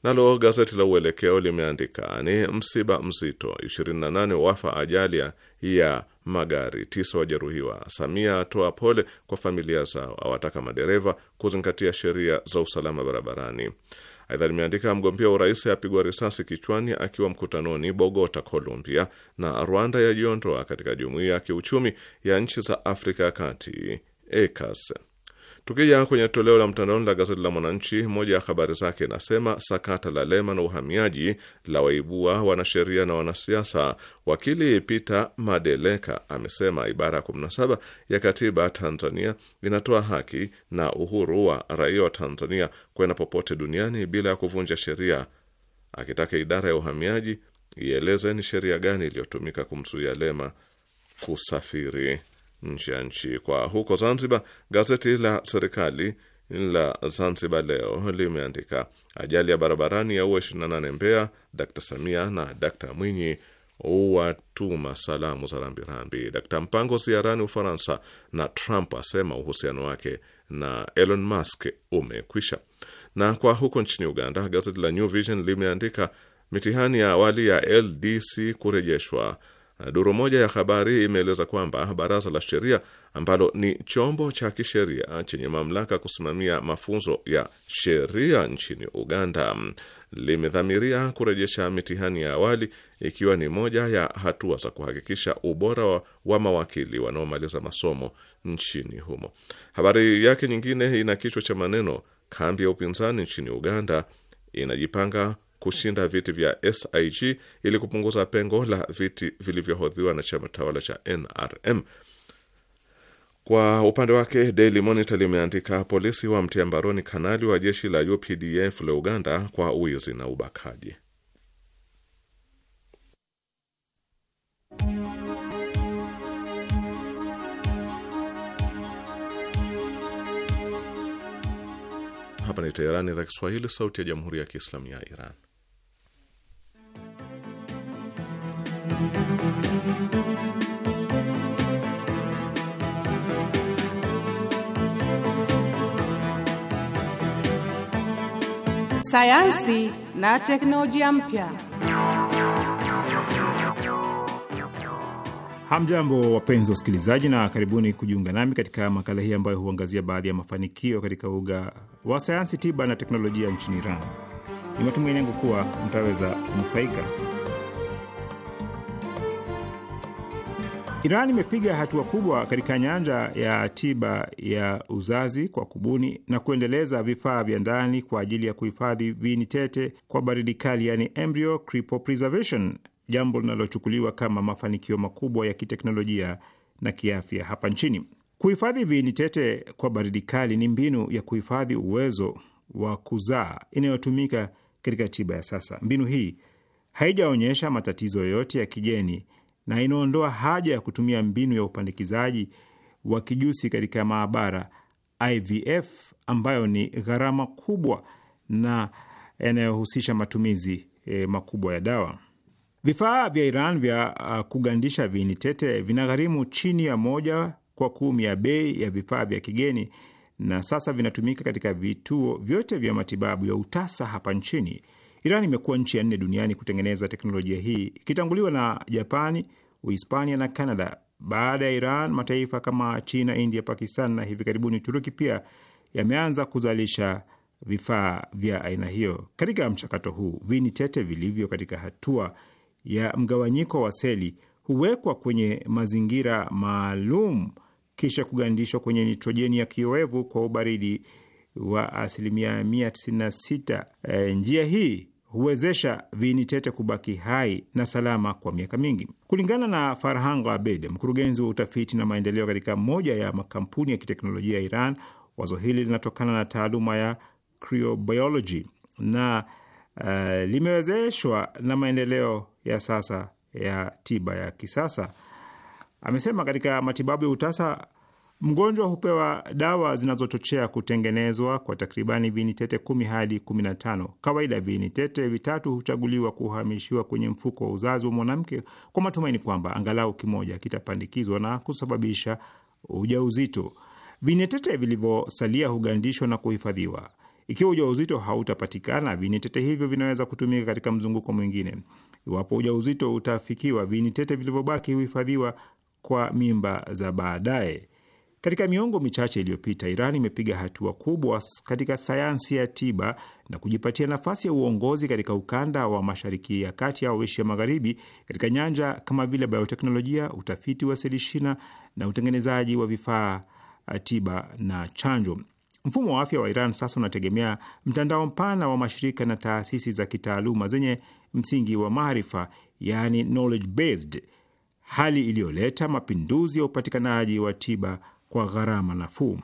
Nalo gazeti la Uelekeo limeandika ni msiba mzito, 28 wafa ajali ya ya magari tisa wajeruhiwa. Samia atoa pole kwa familia zao, awataka madereva kuzingatia sheria za usalama barabarani. Aidha limeandika mgombea urais apigwa risasi kichwani akiwa mkutanoni Bogota, Colombia, na Rwanda yajiondoa katika jumuiya ya kiuchumi ya nchi za Afrika ya Kati, ECAS. Tukija kwenye toleo la mtandaoni la gazeti la Mwananchi, moja ya habari zake inasema sakata la Lema na uhamiaji la waibua wanasheria na wanasiasa. Wakili Peter Madeleka amesema ibara ya 17 ya katiba Tanzania inatoa haki na uhuru wa raia wa Tanzania kwenda popote duniani bila ya kuvunja sheria, akitaka idara ya uhamiaji ieleze ni sheria gani iliyotumika kumzuia Lema kusafiri nchi ya nchi. Kwa huko Zanzibar, gazeti la serikali la Zanzibar Leo limeandika ajali ya barabarani ya ua 28 Mbeya, d Samia na d Mwinyi watuma salamu za rambirambi. Dkt Mpango ziarani Ufaransa na Trump asema uhusiano wake na Elon Musk umekwisha. Na kwa huko nchini Uganda, gazeti la New Vision limeandika mitihani ya awali ya LDC kurejeshwa Eh, duru moja ya habari imeeleza kwamba baraza la sheria ambalo ni chombo cha kisheria eh, chenye mamlaka kusimamia mafunzo ya sheria nchini Uganda limedhamiria kurejesha mitihani ya awali ikiwa ni moja ya hatua za kuhakikisha ubora wa, wa mawakili wanaomaliza masomo nchini humo. Habari yake nyingine ina kichwa cha maneno kambi ya upinzani nchini Uganda inajipanga kushinda viti vya SIG ili kupunguza pengo la viti vilivyohodhiwa na chama tawala cha NRM. Kwa upande wake Daily Monitor limeandika polisi wa mtia mbaroni kanali wa jeshi la UPDF la Uganda kwa wizi na ubakaji. Hapa ni Teherani, idhaa Kiswahili, sauti ya jamhuri ya kiislamu ya Iran. Sayansi na teknolojia mpya. Hamjambo, wapenzi wasikilizaji, na karibuni kujiunga nami katika makala hii ambayo huangazia baadhi ya mafanikio katika uga wa sayansi tiba na teknolojia nchini Iran. Ni matumaini yangu kuwa mtaweza kunufaika. Iran imepiga hatua kubwa katika nyanja ya tiba ya uzazi kwa kubuni na kuendeleza vifaa vya ndani kwa ajili ya kuhifadhi viini tete kwa baridi kali, yani embryo cryopreservation, jambo linalochukuliwa kama mafanikio makubwa ya kiteknolojia na kiafya hapa nchini. Kuhifadhi viini tete kwa baridi kali ni mbinu ya kuhifadhi uwezo wa kuzaa inayotumika katika tiba ya sasa. Mbinu hii haijaonyesha matatizo yoyote ya kijeni na inaondoa haja ya kutumia mbinu ya upandikizaji wa kijusi katika maabara IVF ambayo ni gharama kubwa na yanayohusisha matumizi e, makubwa ya dawa. Vifaa vya Iran vya kugandisha viini tete vinagharimu chini ya moja kwa kumi ya bei ya vifaa vya kigeni na sasa vinatumika katika vituo vyote vya matibabu ya utasa hapa nchini. Iran imekuwa nchi ya nne duniani kutengeneza teknolojia hii ikitanguliwa na Japani, Uhispania na canada Baada ya Iran, mataifa kama China, India, Pakistan na hivi karibuni Uturuki pia yameanza kuzalisha vifaa vya aina hiyo. Katika mchakato huu, vini tete vilivyo katika hatua ya mgawanyiko wa seli huwekwa kwenye mazingira maalum kisha kugandishwa kwenye nitrojeni ya kiowevu kwa ubaridi wa asilimia 196. E, eh, njia hii huwezesha viini tete kubaki hai na salama kwa miaka mingi. Kulingana na Farhang Abed, mkurugenzi wa utafiti na maendeleo katika moja ya makampuni ya kiteknolojia ya Iran, wazo hili linatokana na taaluma ya criobiology na uh, limewezeshwa na maendeleo ya sasa ya tiba ya kisasa. Amesema katika matibabu ya utasa Mgonjwa hupewa dawa zinazochochea kutengenezwa kwa takribani viini tete kumi hadi kumi na tano. Kawaida viini tete vitatu huchaguliwa kuhamishiwa kwenye mfuko wa uzazi wa mwanamke kwa matumaini kwamba angalau kimoja kitapandikizwa na kusababisha ujauzito. Viini tete vilivyosalia hugandishwa na kuhifadhiwa. Ikiwa ujauzito hautapatikana, viini tete hivyo vinaweza kutumika katika mzunguko mwingine. Iwapo ujauzito utafikiwa, viini tete vilivyobaki huhifadhiwa kwa mimba za baadaye. Katika miongo michache iliyopita, Iran imepiga hatua kubwa katika sayansi ya tiba na kujipatia nafasi ya uongozi katika ukanda wa Mashariki ya Kati au Asia Magharibi katika nyanja kama vile bioteknolojia, utafiti wa selishina na utengenezaji wa vifaa tiba na chanjo. Mfumo wa afya wa Iran sasa unategemea mtandao mpana wa mashirika na taasisi za kitaaluma zenye msingi wa maarifa, yani knowledge based, hali iliyoleta mapinduzi ya upatikanaji wa tiba kwa gharama nafuu.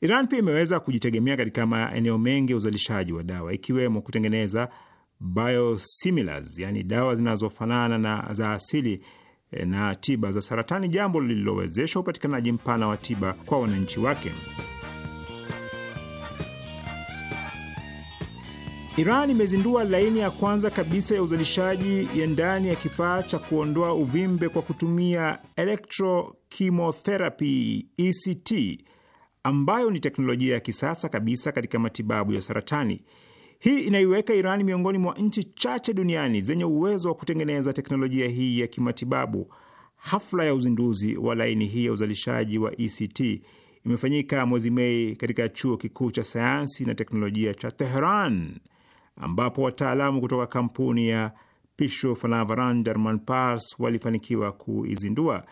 Iran pia imeweza kujitegemea katika maeneo mengi ya uzalishaji wa dawa ikiwemo kutengeneza biosimilars, yani dawa zinazofanana na za asili eh, na tiba za saratani, jambo lililowezesha upatikanaji mpana wa tiba kwa wananchi wake. Iran imezindua laini ya kwanza kabisa ya uzalishaji ya ndani ya kifaa cha kuondoa uvimbe kwa kutumia electrochemotherapy ECT ambayo ni teknolojia ya kisasa kabisa katika matibabu ya saratani. Hii inaiweka Iran miongoni mwa nchi chache duniani zenye uwezo wa kutengeneza teknolojia hii ya kimatibabu. Hafla ya uzinduzi wa laini hii ya uzalishaji wa ECT imefanyika mwezi Mei katika chuo kikuu cha sayansi na teknolojia cha Teheran ambapo wataalamu kutoka kampuni ya Pichu Fanavaran German Pars walifanikiwa kuizindua.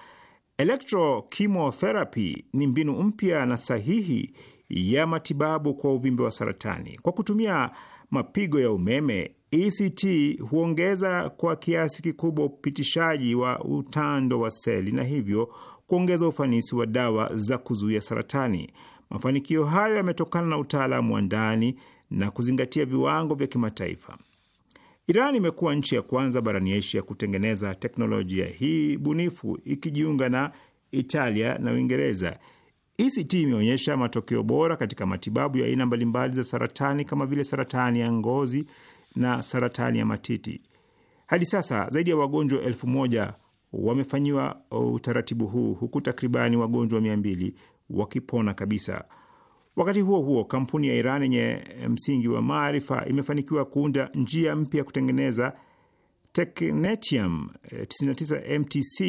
Electrochemotherapy ni mbinu mpya na sahihi ya matibabu kwa uvimbe wa saratani kwa kutumia mapigo ya umeme. ECT huongeza kwa kiasi kikubwa upitishaji wa utando wa seli na hivyo kuongeza ufanisi wa dawa za kuzuia saratani. Mafanikio hayo yametokana na utaalamu wa ndani na kuzingatia viwango vya kimataifa. Iran imekuwa nchi ya kwanza barani Asia kutengeneza teknolojia hii bunifu ikijiunga na Italia na Uingereza. ECT imeonyesha matokeo bora katika matibabu ya aina mbalimbali za saratani kama vile saratani ya ngozi na saratani ya matiti. Hadi sasa zaidi ya wagonjwa elfu moja wamefanyiwa uh, utaratibu huu huku takribani wagonjwa mia mbili wakipona kabisa. Wakati huo huo, kampuni ya Iran yenye msingi wa maarifa imefanikiwa kuunda njia mpya kutengeneza technetium 99 eh, mtc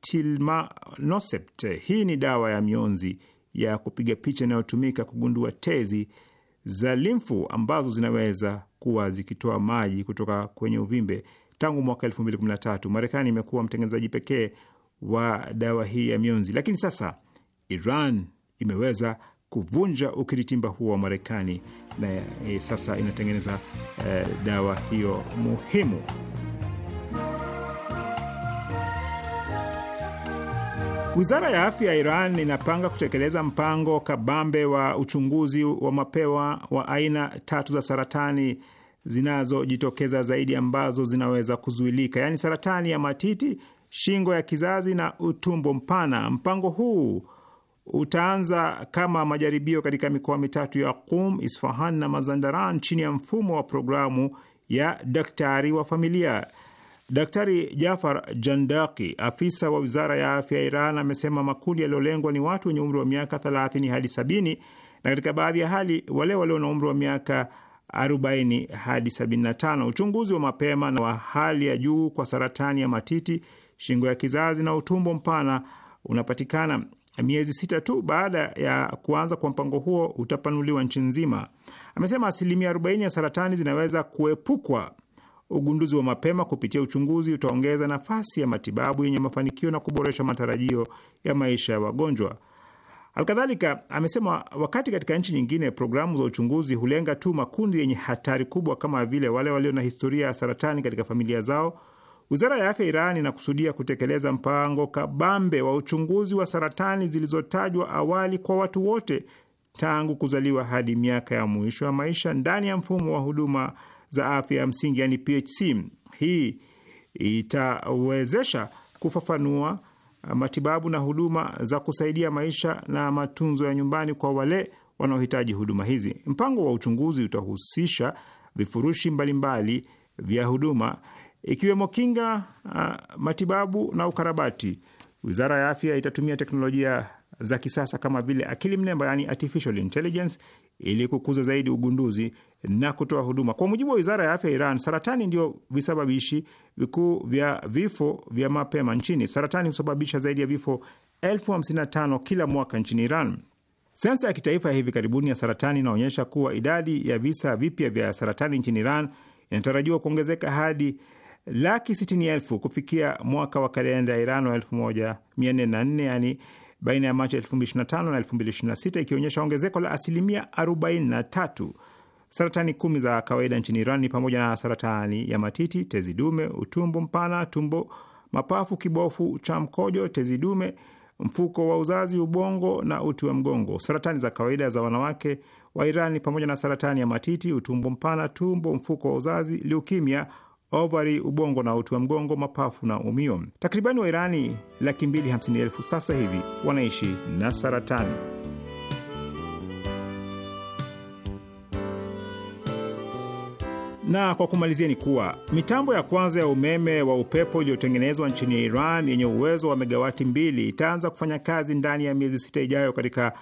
tilmanosept. Hii ni dawa ya mionzi ya kupiga picha inayotumika kugundua tezi za limfu ambazo zinaweza kuwa zikitoa maji kutoka kwenye uvimbe. Tangu mwaka 2013 Marekani imekuwa mtengenezaji pekee wa dawa hii ya mionzi, lakini sasa Iran imeweza kuvunja ukiritimba huo wa Marekani na e, sasa inatengeneza e, dawa hiyo muhimu. Wizara ya afya ya Iran inapanga kutekeleza mpango kabambe wa uchunguzi wa mapema wa aina tatu za saratani zinazojitokeza zaidi ambazo zinaweza kuzuilika, yaani saratani ya matiti, shingo ya kizazi na utumbo mpana. Mpango huu utaanza kama majaribio katika mikoa mitatu ya Qum, Isfahan na Mazandaran chini ya mfumo wa programu ya daktari wa familia. Daktari Jafar Jandaki, afisa wa wizara ya afya ya Iran, amesema makundi yaliyolengwa ni watu wenye umri wa miaka 30 hadi 70 na katika baadhi ya hali wale walio na umri wa miaka 40 hadi 75. Uchunguzi wa mapema na wa hali ya juu kwa saratani ya matiti, shingo ya kizazi na utumbo mpana unapatikana miezi sita tu baada ya kuanza kwa mpango huo utapanuliwa nchi nzima. Amesema asilimia 40 ya saratani zinaweza kuepukwa. Ugunduzi wa mapema kupitia uchunguzi utaongeza nafasi ya matibabu yenye mafanikio na kuboresha matarajio ya maisha ya wagonjwa. Alkadhalika amesema wakati katika nchi nyingine programu za uchunguzi hulenga tu makundi yenye hatari kubwa kama vile wale walio na historia ya saratani katika familia zao Wizara ya afya Iran inakusudia kutekeleza mpango kabambe wa uchunguzi wa saratani zilizotajwa awali kwa watu wote tangu kuzaliwa hadi miaka ya mwisho ya maisha ndani ya mfumo wa huduma za afya ya msingi, yani PHC. Hii itawezesha kufafanua matibabu na huduma za kusaidia maisha na matunzo ya nyumbani kwa wale wanaohitaji huduma hizi. Mpango wa uchunguzi utahusisha vifurushi mbalimbali vya huduma ikiwemo kinga, uh, matibabu na ukarabati. Wizara ya afya itatumia teknolojia za kisasa kama vile akili mnemba, yani artificial intelligence, ili kukuza zaidi ugunduzi na kutoa huduma. Kwa mujibu wa wizara ya afya ya Iran, saratani ndio visababishi vikuu vya vifo vya mapema nchini. Saratani husababisha zaidi ya vifo elfu hamsini na tano kila mwaka nchini Iran. Sensa ya kitaifa ya hivi karibuni ya saratani inaonyesha kuwa idadi ya visa vipya vya saratani nchini Iran inatarajiwa kuongezeka hadi laki sitini elfu kufikia mwaka wa kalenda ya Iran wa nne yani baina ya Machi elfu mbili 2025 na tano na na elfu mbili sita ikionyesha ongezeko la asilimia arobaini na tatu. Saratani kumi za kawaida nchini Iran ni pamoja na saratani ya matiti, tezi dume, utumbo mpana, tumbo, mapafu, kibofu cha mkojo, tezi dume, mfuko wa uzazi, ubongo na uti wa mgongo. Saratani za kawaida za wanawake wa Iran ni pamoja na saratani ya matiti, utumbo mpana, tumbo, mfuko wa uzazi, leukemia, ovari, ubongo na uti wa mgongo, mapafu na umio. Takribani Wairani laki mbili hamsini elfu sasa hivi wanaishi na saratani. Na kwa kumalizia ni kuwa mitambo ya kwanza ya umeme wa upepo iliyotengenezwa nchini Iran yenye uwezo wa megawati mbili itaanza kufanya kazi ndani ya miezi sita ijayo katika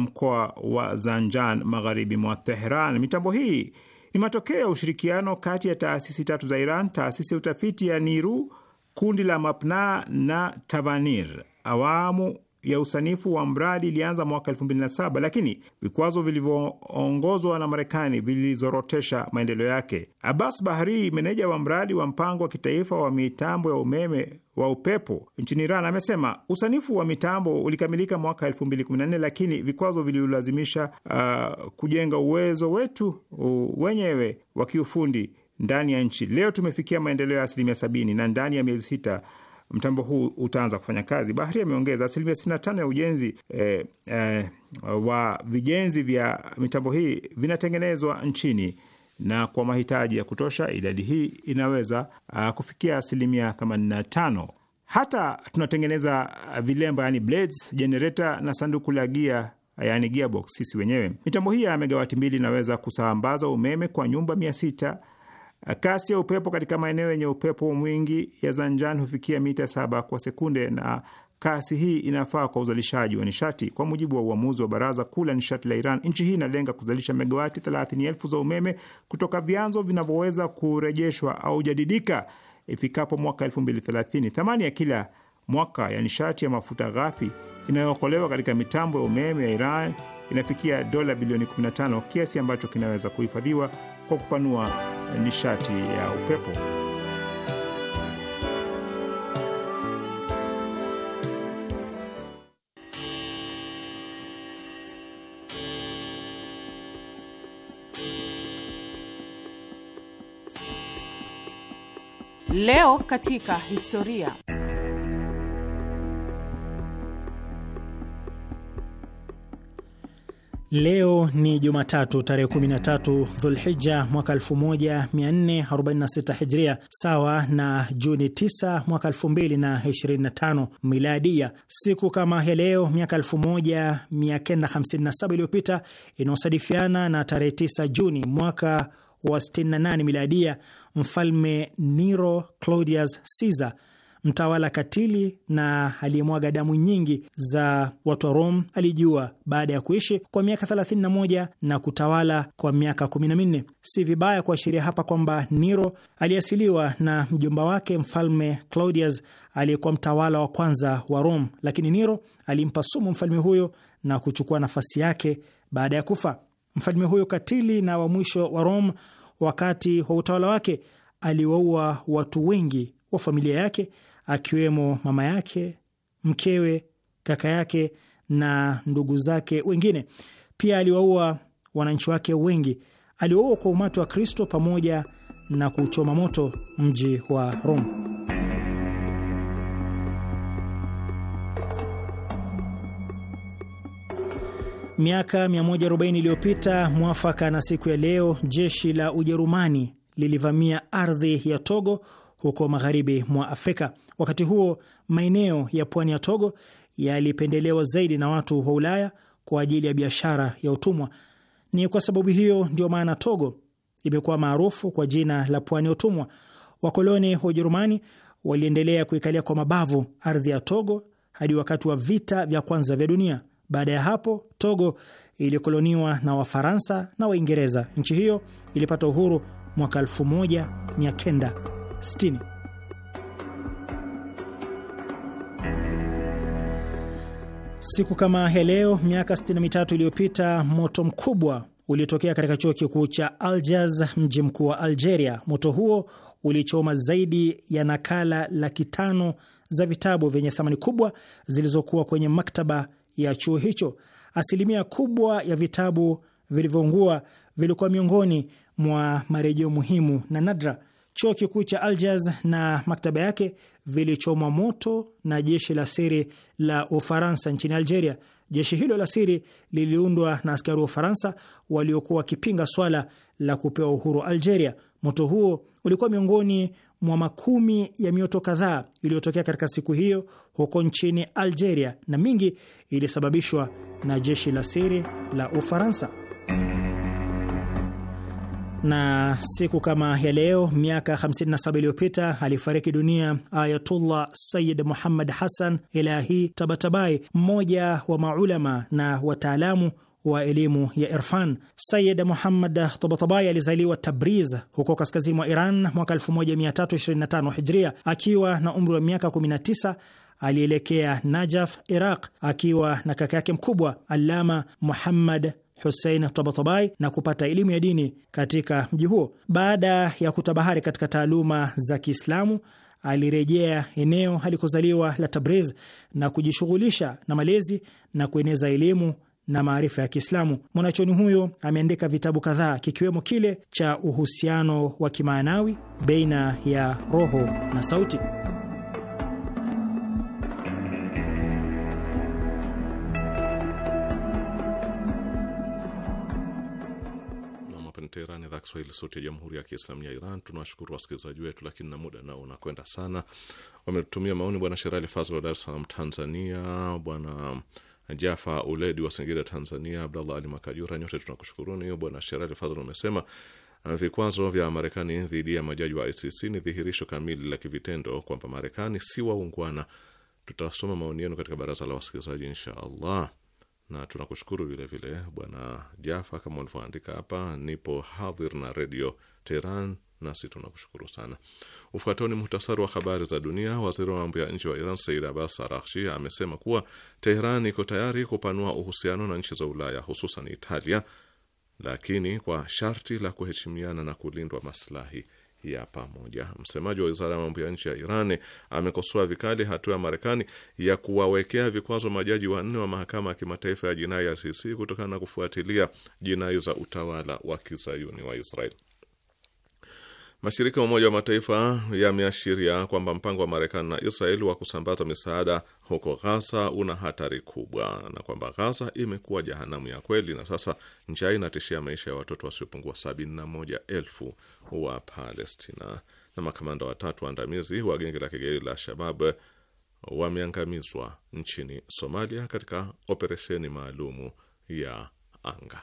mkoa wa Zanjan magharibi mwa teheran Mitambo hii ni matokeo ya ushirikiano kati ya taasisi tatu za Iran: taasisi ya utafiti ya Niru, kundi la Mapna na Tavanir. Awamu ya usanifu wa mradi ilianza mwaka 2007 lakini vikwazo vilivyoongozwa na Marekani vilizorotesha maendeleo yake. Abbas Bahri, meneja wa mradi wa mpango wa kitaifa wa mitambo ya umeme wa upepo nchini Iran amesema usanifu wa mitambo ulikamilika mwaka 2014 lakini vikwazo vililazimisha uh, kujenga uwezo wetu uh, wenyewe wa kiufundi ndani ya nchi. Leo tumefikia maendeleo ya asilimia sabini na ndani ya miezi sita mtambo huu utaanza kufanya kazi. Bahari ameongeza asilimia sitini na tano ya ujenzi eh, eh, wa vijenzi vya mitambo hii vinatengenezwa nchini na kwa mahitaji ya kutosha idadi hii inaweza uh, kufikia asilimia 85. Hata tunatengeneza uh, vilemba, yani blades, generator na sanduku la gia uh, yani gearbox sisi wenyewe. Mitambo hii ya megawati mbili inaweza kusambaza umeme kwa nyumba mia sita. Uh, kasi ya upepo katika maeneo yenye upepo mwingi ya Zanjan hufikia mita saba kwa sekunde na kasi hii inafaa kwa uzalishaji wa nishati. Kwa mujibu wa uamuzi wa Baraza Kuu la Nishati la Iran, nchi hii inalenga kuzalisha megawati 3 za umeme kutoka vyanzo vinavyoweza kurejeshwa au jadidika ifikapo mwaka elfu Thamani ya kila mwaka ya nishati ya mafuta ghafi inayookolewa katika mitambo ya umeme ya Iran inafikia dola bilioni 15, kiasi ambacho kinaweza kuhifadhiwa kwa kupanua nishati ya upepo. Leo katika historia. Leo ni Jumatatu tarehe 13 Dhulhija mwaka 1446 Hijria, sawa na Juni 9 mwaka 2025 Miladia. Siku kama ya leo miaka 1957 iliyopita, inaosadifiana na tarehe 9 Juni mwaka wa 68 Miladia, mfalme Nero Claudius Caesar, mtawala katili na aliyemwaga damu nyingi za watu wa Rome, alijua baada ya kuishi kwa miaka 31 na kutawala kwa miaka 14. Si vibaya kuashiria hapa kwamba Nero aliasiliwa na mjomba wake mfalme Claudius aliyekuwa mtawala wa kwanza wa Rome, lakini Nero alimpa sumu mfalme huyo na kuchukua nafasi yake baada ya kufa. Mfalme huyo katili na wa mwisho wa Rome wakati wa utawala wake aliwaua watu wengi wa familia yake akiwemo mama yake, mkewe, kaka yake na ndugu zake wengine. Pia aliwaua wananchi wake wengi. Aliwaua kwa umati wa Kristo pamoja na kuchoma moto mji wa Roma. Miaka 140 iliyopita mwafaka na siku ya leo, jeshi la Ujerumani lilivamia ardhi ya Togo huko magharibi mwa Afrika. Wakati huo maeneo ya pwani ya Togo yalipendelewa zaidi na watu wa Ulaya kwa ajili ya biashara ya utumwa. Ni kwa sababu hiyo ndio maana Togo imekuwa maarufu kwa jina la pwani ya utumwa. Wakoloni wa Ujerumani waliendelea kuikalia kwa mabavu ardhi ya Togo hadi wakati wa vita vya kwanza vya dunia. Baada ya hapo, Togo ilikoloniwa na Wafaransa na Waingereza. Nchi hiyo ilipata uhuru mwaka 1960. Siku kama ya leo miaka 63 iliyopita moto mkubwa uliotokea katika chuo kikuu cha Algiers, mji mkuu wa Algeria. Moto huo ulichoma zaidi ya nakala laki tano za vitabu vyenye thamani kubwa zilizokuwa kwenye maktaba ya chuo hicho. Asilimia kubwa ya vitabu vilivyoungua vilikuwa miongoni mwa marejeo muhimu na nadra. Chuo kikuu cha Algiers na maktaba yake vilichomwa moto na jeshi la siri la Ufaransa nchini Algeria. Jeshi hilo la siri liliundwa na askari wa Ufaransa waliokuwa wakipinga swala la kupewa uhuru Algeria. Moto huo ulikuwa miongoni mwa makumi ya mioto kadhaa iliyotokea katika siku hiyo huko nchini Algeria, na mingi ilisababishwa na jeshi la siri la Ufaransa. Na siku kama ya leo miaka 57 iliyopita alifariki dunia Ayatullah sayid Muhammad Hassan Ilahi Tabatabai, mmoja wa maulama na wataalamu wa elimu ya irfan. Sayid Muhammad Tobotobai alizaliwa Tabriz huko kaskazini mwa Iran mwaka 1325 Hijria. Akiwa na umri wa miaka 19 alielekea Najaf, Iraq, akiwa na kaka yake mkubwa Alama Muhammad husein tobatobai na kupata elimu ya dini katika mji huo. Baada ya kutabahari katika taaluma za Kiislamu, alirejea eneo alikozaliwa la Tabriz na kujishughulisha na malezi na kueneza elimu na maarifa ya Kiislamu. Mwanachoni huyo ameandika vitabu kadhaa kikiwemo kile cha uhusiano wa kimaanawi baina ya roho na sauti. Teherani, idhaa Kiswahili, sauti ya jamhuri ya kiislamu ya Iran. Tunawashukuru wasikilizaji wetu, lakini na muda nao unakwenda sana. Wametumia maoni, bwana Sherali Fazl wa Dar es Salaam, Tanzania, bwana Jafa Uledi wa Singida, Tanzania. Abdallah Ali Makajura, nyote tunakushukuruni. Hiyo Bwana Sherali Fadhl umesema ah, vikwazo vya Marekani dhidi ya majaji wa ICC ni dhihirisho kamili la kivitendo kwamba Marekani si waungwana. Tutasoma maoni yenu katika baraza la wasikilizaji insha Allah, na tunakushukuru vilevile Bwana Jafa, kama ulivyoandika hapa, nipo hadhir na Redio Teheran nasi tunakushukuru sana. Ufuatao ni muhtasari wa habari za dunia. Waziri wa mambo ya nje wa Iran Said Abbas Arakshi amesema kuwa Teheran iko tayari kupanua uhusiano na nchi za Ulaya hususan Italia, lakini kwa sharti la kuheshimiana na kulindwa maslahi ya pamoja. Msemaji wa wizara ya mambo ya nje ya Iran amekosoa vikali hatua ya Marekani ya kuwawekea vikwazo majaji wanne wa mahakama ya kimataifa ya jinai ya ICC kutokana na kufuatilia jinai za utawala wa kizayuni wa Israeli. Mashirika ya Umoja wa Mataifa yameashiria kwamba mpango wa Marekani na Israel wa kusambaza misaada huko Ghaza una hatari kubwa na kwamba Ghaza imekuwa jehanamu ya kweli, na sasa njaa inatishia maisha ya watoto wasiopungua sabini elfu wa Palestina. Na makamanda watatu waandamizi wa genge la kigaidi la Shabab wameangamizwa nchini Somalia katika operesheni maalumu ya anga.